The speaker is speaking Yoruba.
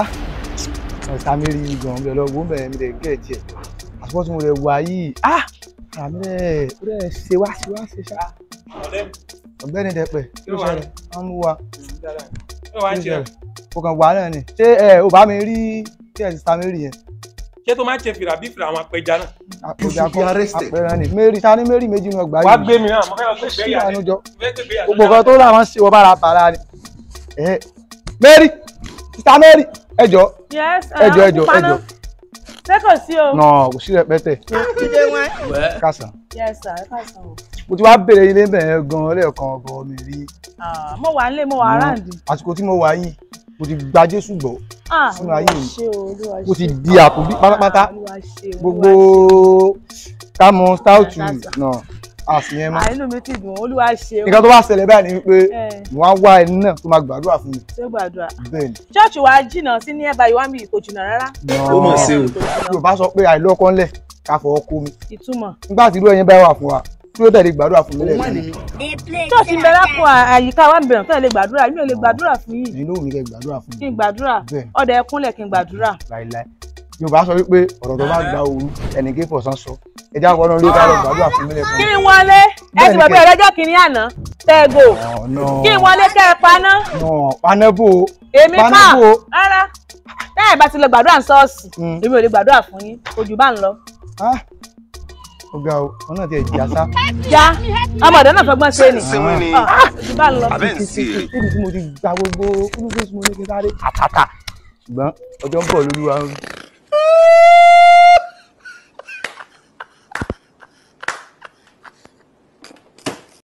ah ọ̀tá mi rí gan bẹ̀rẹ̀ lọ́wọ́ bẹ̀rẹ̀ mi lè gẹ̀ tiẹ̀ àsopọ̀ tí mo lè wà yìí ah àmì rẹ̀ ó rẹ̀ ṣe wá ṣe wá ṣe ṣá. ọ̀gbẹ́ni dẹ̀pẹ̀ ló ṣẹlẹ̀ wọ́n mú wa ló ṣẹlẹ̀ o kàn wà náà ni ṣé ẹ ò bá mi rí kí ẹ ti ta mi rí yẹn. ṣé tó máa ń ṣe fìrà bí fìrà àwọn apẹja náà. àpèjà kọ àpẹẹrẹ ni mary ta ni mary méjì ní ọgbà yìí. wàá gbé mi náà mo fẹ́ lọ gbé ìgbéyà ni gbogbo kan tó rà wọ́n ṣe wọ́n bára bàrà ni. mary sista mary ẹjọ uh, ẹjọ ẹjọ ẹjọ sẹ́kọ̀ sí o. nọ kò sí rẹpẹtẹ. ìdè wọn. wẹ́ẹ́ kásán. yes sir mo ti wá bèrè ilé bẹ̀rẹ̀ gan-an lẹ́ẹ̀kan ọ̀gọ̀ mi rí. Ah, mo wà nílé mo wà aráàlú. àsìkò tí mo wà yìí mo ti gba Jésù gbọ́ sínú ah, ayé mi mo ti di àkùbí pátápátá gbogbo kámọ stáùtù náà àṣìyẹn mọ́. àìnú mi ti dùn olúwa ṣe o. nǹkan tó bá ṣẹlẹ̀ báyìí ni wípé mo á wá ẹni náà tó máa gbàdúrà fún mi. ṣé gbàdúrà. bẹ́ẹ̀ni. ṣọ́ọ̀ṣì wa jìnnà sí ní ẹ̀bà ìwà mi kò jìnnà rárá. ó mọ̀ sí o. yorùbá sọ pé àìlọ́kọ́ ńlẹ̀ ká fọwọ́ kó mi. ìtumọ̀. nígbà tí irú ẹyin bá wà fún wa kí ló tẹ̀lé gbàdúrà fún mi lẹ́yìn. ṣọ́ọ̀ṣì ń bẹ lápò àyíká wa ń bẹ̀rẹ̀ tán lè gbàdúrà mi ò lè gbàdúrà fún yìí. inú mi kẹ gbàdúrà fún mi. kí n gbàdúrà ọ̀dà ẹkúnlẹ̀ kí n gbàdúrà. láìláì yorùbá sọ wípé ọ̀rọ̀ tó bá gba òru ẹnìkẹ́ fọ̀sán sọ ẹ já wọnú orí kárọ̀ ah. gbàdúrà fún mi lẹ́kọ̀ọ́. kí ni wọlé ẹ ti bọ̀ bí ọlọ́jọ́ kìíní àná tẹ́gò oh, kí ni wọlé kẹ́ ẹ paná. paná bò ó èmi kọ́ rárá tẹ́ ẹ bá ti lọ gbàdúrà ṣọ́ọ̀ṣì hmm. èmi ò lè gbàdúrà fún yín ojú bá ń lọ. ọgá o wọn náà ti ẹ jà sá. já ọmọdé náà fọgbọ́n ṣe ni ah, ojú bá ń lọ. àbẹ́ǹsì